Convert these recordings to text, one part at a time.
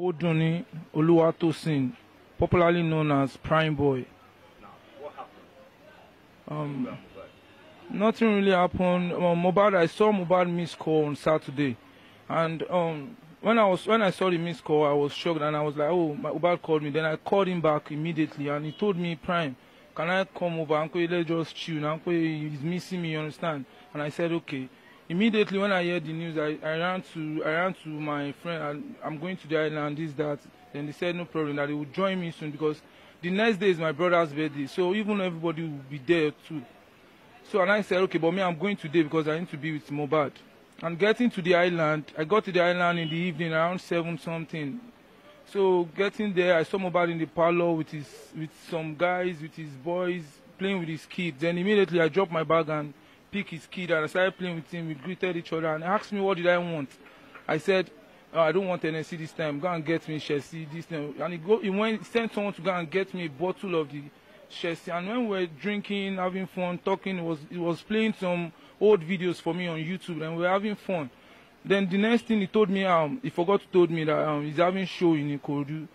Oduni Oluwatosin, popularly known as Prime Boy. Um, nothing really happened. Um, Mobad, I saw Mobad miss call on Saturday, and um, when I was when I saw the miss call, I was shocked and I was like, oh, my Mobad called me. Then I called him back immediately, and he told me, Prime, can I come over? Uncle, let's just chill. Uncle, he's missing me. You understand? And I said, okay immediately when I heard the news, I, I ran to I ran to my friend. I, I'm going to the island. This that. Then they said no problem that they would join me soon because the next day is my brother's birthday. So even everybody will be there too. So and I said okay, but me I'm going today because I need to be with Mobad. And getting to the island, I got to the island in the evening around seven something. So getting there, I saw Mobad in the parlor with his with some guys with his boys playing with his kids. Then immediately I dropped my bag and pick his kid and I started playing with him. We greeted each other and he asked me what did I want. I said, oh, I don't want NSC this time. Go and get me Chelsea this time. And he go he went sent someone to go and get me a bottle of the Chelsea. And when we were drinking, having fun, talking, it was he was playing some old videos for me on YouTube and we were having fun. Then the next thing he told me, um, he forgot to told me that um, he's having show in Ikorodu.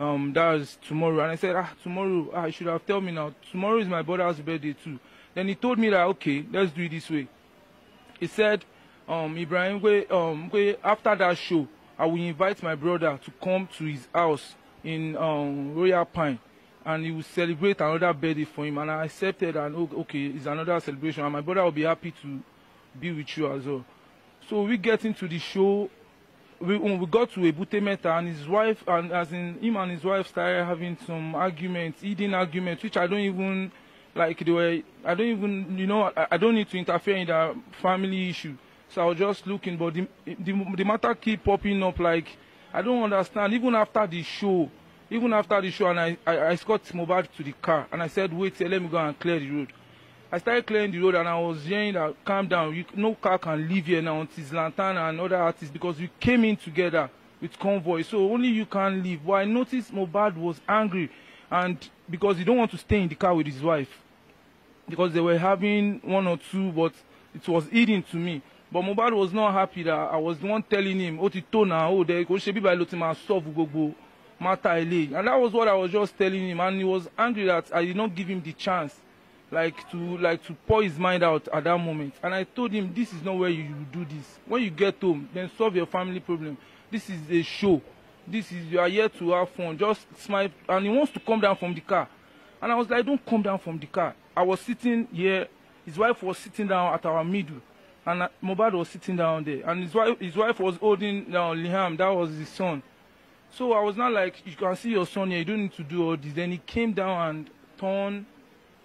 Um, that's tomorrow. And I said, ah, tomorrow, ah, I should have told me now. Tomorrow is my brother's birthday too. Then he told me that, okay, let's do it this way. He said, um, Ibrahim, we, um, we, after that show, I will invite my brother to come to his house in um, Royal Pine and he will celebrate another birthday for him. And I accepted, and okay, it's another celebration. And my brother will be happy to be with you as well. So we get into the show. We, when um, we got to Ebute Meta, and his wife, and as in him and his wife started having some arguments, eating arguments, which I don't even like they were i don't even you know i, I don't need to interfere in their family issue so i was just looking but the, the the matter keep popping up like i don't understand even after the show even after the show and i i, I escort Mohbad to the car and i said wait here let me go and clear the road i started clearing the road and i was hearing that calm down you, no car can leave here now until Lantana and other artists because we came in together with convoy so only you can leave but i noticed Mohbad was angry and because he don't want to stay in the car with his wife because they were having one or two, but it was eating to me. But Mohbad was not happy that I was the one telling him, ó ti oh, náà, ó dẹ̀ kò ṣe bí báyìí ló ti máa solve gbogbo matter eléyìí. And that was what I was just telling him, and he was angry that I did not give him the chance, like to like to pour his mind out at that moment. And I told him, this is not where you do this. When you get home, then solve your family problem. This is a show. This is you are here to have fun. Just smile, and he wants to come down from the car. And I was like, don't come down from the car. I was sitting here. His wife was sitting down at our middle. And uh, Mobad was sitting down there. And his wife, his wife was holding down Liam. That was his son. So I was now like, you can see your son here. You don't need to do all this. Then he came down and turned.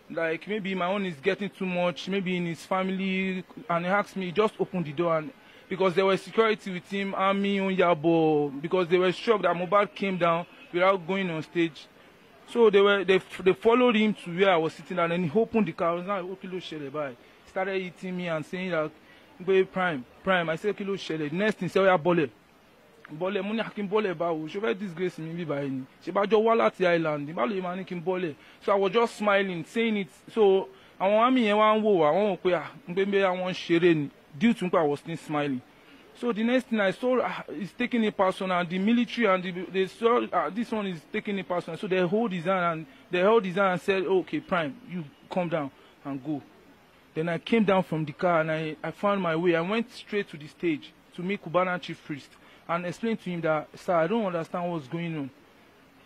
Like, maybe my own is getting too much. Maybe in his family. And he asked me, he just open the door. And because there was security with him, Army, yabo, Because they were shocked that Mobad came down without going on stage so they were they they followed him to where I was sitting and then he opened the car I was like okay oh, ló he started hitting me and saying that gbé prime prime I said, kí ló the next thing ṣe ọ̀ya oh, bọ́lẹ̀ bọ́lẹ̀ mo ní akin ah, bọ́lẹ̀ báwo ṣe very disgrace mi bíbá yìí ni ṣe bá jọ wá láti island báwo lè máa ní kí so I was just smiling saying it so àwọn àmì yẹn wá ń wò wá wọ́n wò pé ah n pé bí àwọn ń ṣeré ni due to pé I was still smiling So the next thing I saw uh, is taking a person, and the military and the, they saw uh, this one is taking a person. So they hold his hand and they held his hand and said, "Okay, Prime, you come down and go." Then I came down from the car and I, I found my way. I went straight to the stage to meet Kubana chief priest and explained to him that, "Sir, I don't understand what's going on.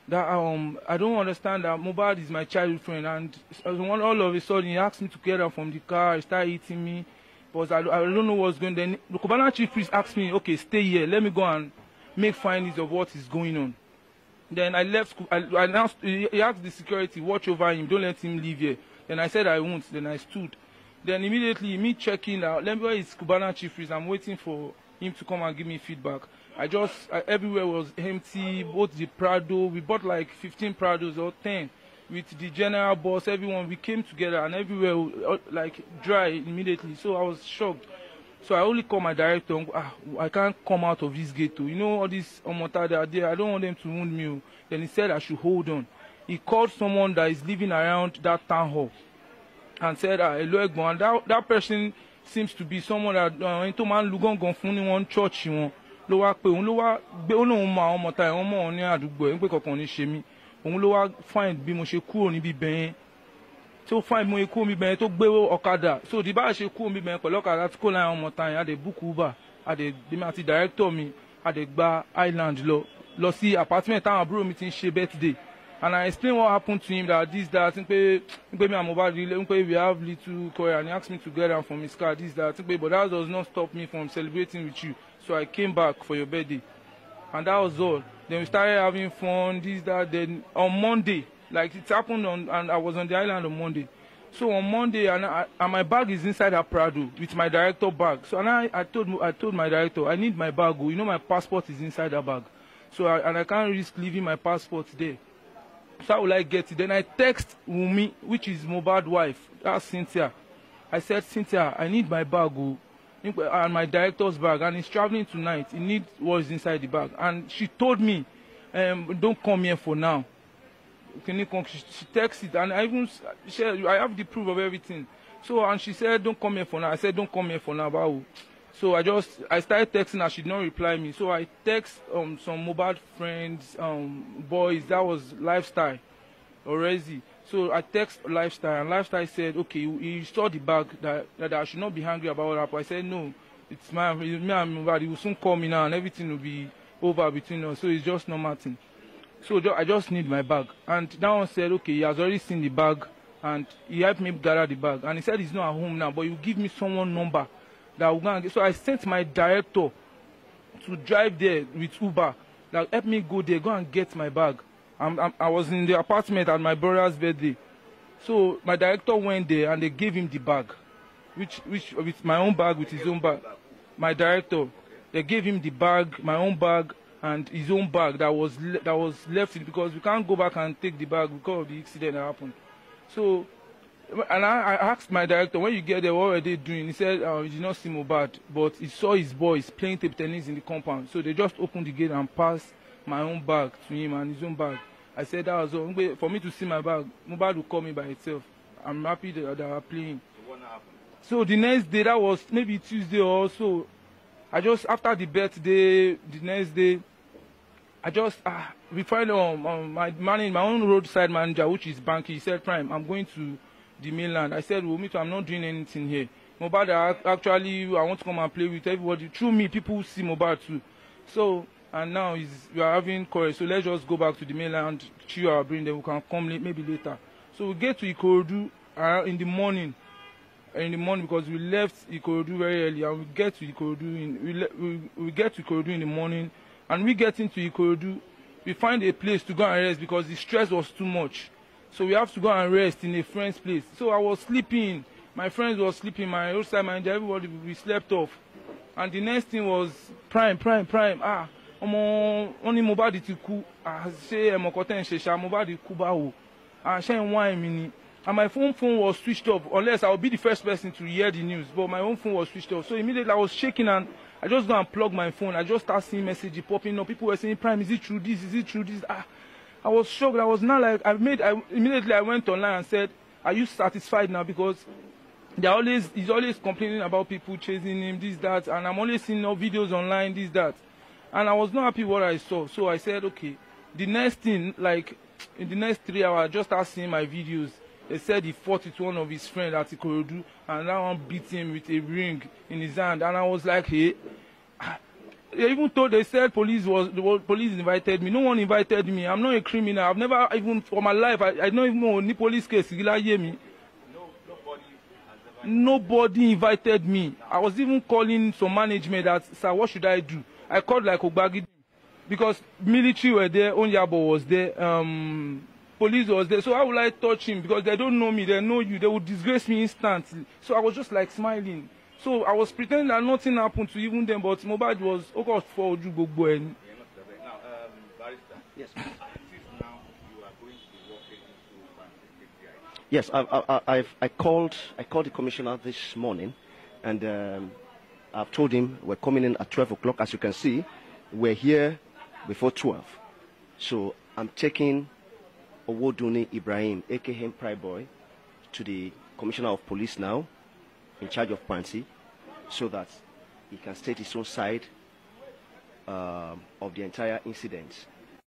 That um, I don't understand that Mubad is my childhood friend, and all of a sudden he asked me to get out from the car, he started hitting me." But I, I don't know what's going on. The Kubana chief priest asked me, okay, stay here. Let me go and make findings of what is going on. Then I left. I, I announced, he asked the security, watch over him. Don't let him leave here. Then I said I won't. Then I stood. Then immediately, me checking out, let me where is Kubana chief priest. I'm waiting for him to come and give me feedback. I just, I, everywhere was empty. Both the Prado, we bought like 15 Prados or 10 with the general boss, everyone, we came together and everywhere uh, like dry immediately. So I was shocked. So I only call my director, ah, I can't come out of this ghetto. You know, all this. Omota that are there, I don't want them to wound me. Oh. Then he said I should hold on. He called someone that is living around that town hall and said, ah, hello, Egbon. And that, that person seems to be someone that uh, ẹni tó máa ń lu gángan church wọn ló wá pé òun ló wá gbé òun lòun mọ àwọn ọmọ ta ẹ̀ wọ́n mọ̀ ọ́ ní àdúgbò ẹ̀ ń pè kankan ní ṣe mí òun ló wá find bí mo ṣe kúrò níbi bẹ́ẹ̀ tó find mo kúrò níbi bẹ́ẹ̀ tó gbé ọ̀kadà so di bá a ṣe kúrò níbi bẹ́ẹ̀ pẹ̀lú ọ̀kadà tí kò láyé ọmọ tàn yẹn a dẹ̀ book Uber a dẹ̀ bímọ àti director mi a dẹ̀ gba island lọ lọ sí apartment táwọn àbúrò mi ti ń ṣe birthday and I explain what happened to him that this that n pe n pe me and Mohbad n pe we have little quarrel and he asked me to get am from his car this that n pe but that does not stop me from celebrating with you so I came back for your birthday and that was all Then we started having fun, this, that. Then on Monday, like it happened on, and I was on the island on Monday. So on Monday, and, I, and my bag is inside a Prado with my director bag. So and I, I told I told my director, I need my bag. Oh. You know, my passport is inside that bag. So I, and I can't risk leaving my passport there. So how will I get it? Then I text Wumi, which is Mobad wife, that's Cynthia. I said, Cynthia, I need my bag. Oh and my director's bag and he's traveling tonight he needs what's inside the bag and she told me um, don't come here for now kini kan she, she text and i even she i have the proof of everything so and she said don't come here for now i said don't come here for now Bahu." so i just i started texting her she did not reply me so i text um, some mobile friends um, boys that was lifestyle already So I text Lifestyle, and Lifestyle said, okay, you, you saw the bag that, that I should not be angry about what I said, no, it's my, it's me and my body will soon call me now, and everything will be over between us. So it's just normal thing. So ju I just need my bag. And that one said, okay, he has already seen the bag, and he helped me gather the bag. And he said he's not at home now, but you give me someone number that we're go and get. So I sent my director to drive there with Uber, that help me go there, go and get my bag. I'm, I'm, i was in the apartment at my brother's birthday. So my director went there and they gave him the bag, which, which with my own bag, with his own bag. My director, they gave him the bag, my own bag, and his own bag that was that was left because we can't go back and take the bag because of the accident that happened. So, and I, I asked my director, when you get there, what were they doing? He said, oh, it did not seem bad, but he saw his boys playing table tennis in the compound. So they just opened the gate and passed my own bag to him and his own bag. I said that was all. For me to see my bag, Mohbad would call me by itself. I'm happy that, that I play So the next day, that was maybe Tuesday or so, I just, after the birthday, the next day, I just, uh, we find um, um, my, man, my own roadside manager, which is Banky, he said, Prime, I'm going to the mainland. I said, well, oh, me too, I'm not doing anything here. Mohbad, actually, I want to come and play with everybody. Through me, people see Mohbad too. So and now is we are having quarrel so let's just go back to the mainland chew our brain then we can come late, maybe later so we get to Ikorodu uh, in the morning in the morning because we left Ikorodu very early and we get to Ikorodu in we, we, we get to Ikorodu in the morning and we get into Ikorodu we find a place to go and rest because the stress was too much so we have to go and rest in a friend's place so I was sleeping my friends were sleeping my outside manager everybody we slept off and the next thing was prime prime prime ah ọmọ wọn ní Mohbad ti kú àṣé ẹmọkọ ń ṣe Mohbad kú báwo àṣẹ ń wá ẹmí ni and my phone phone was switched off unless I would be the first person to hear the news but my own phone was switched off so immediately I was shaking and I just go and plug my phone I just start seeing messages popping up people were saying Prime is it true this is it true this ah I was shocked I was now like I made I immediately I went online and said are you satisfied now because they always he's always complaining about people chasing him this that and I'm always seeing no videos online this that and I was not happy what I saw. So I said, okay, the next thing, like in the next three hours, I just started seeing my videos. They said he fought with one of his friends at Ikorodu, and that one beat him with a ring in his hand. And I was like, hey. They even told they said police was the police invited me. No one invited me. I'm not a criminal. I've never even for my life. I, I don't even know any police case. Gila hear me. nobody invited me. I was even calling some management that, sir, what should I do? I called like Ogbagi because military were there, Onyabo was there, um, police was there. So how will I touch him? Because they don't know me, they know you, they will disgrace me instantly. So I was just like smiling. So I was pretending that nothing happened to even them, but Mobad was okay for Oju Gbogbo. Yeah, now, um, Barrister. Yes. Yes, I, I, I've, I called. I called the commissioner this morning, and um, I've told him we're coming in at 12 o'clock. As you can see, we're here before 12. So I'm taking Owoduni Ibrahim, aka Pride Boy, to the Commissioner of Police now, in charge of Pansi, so that he can state his own side um, of the entire incident.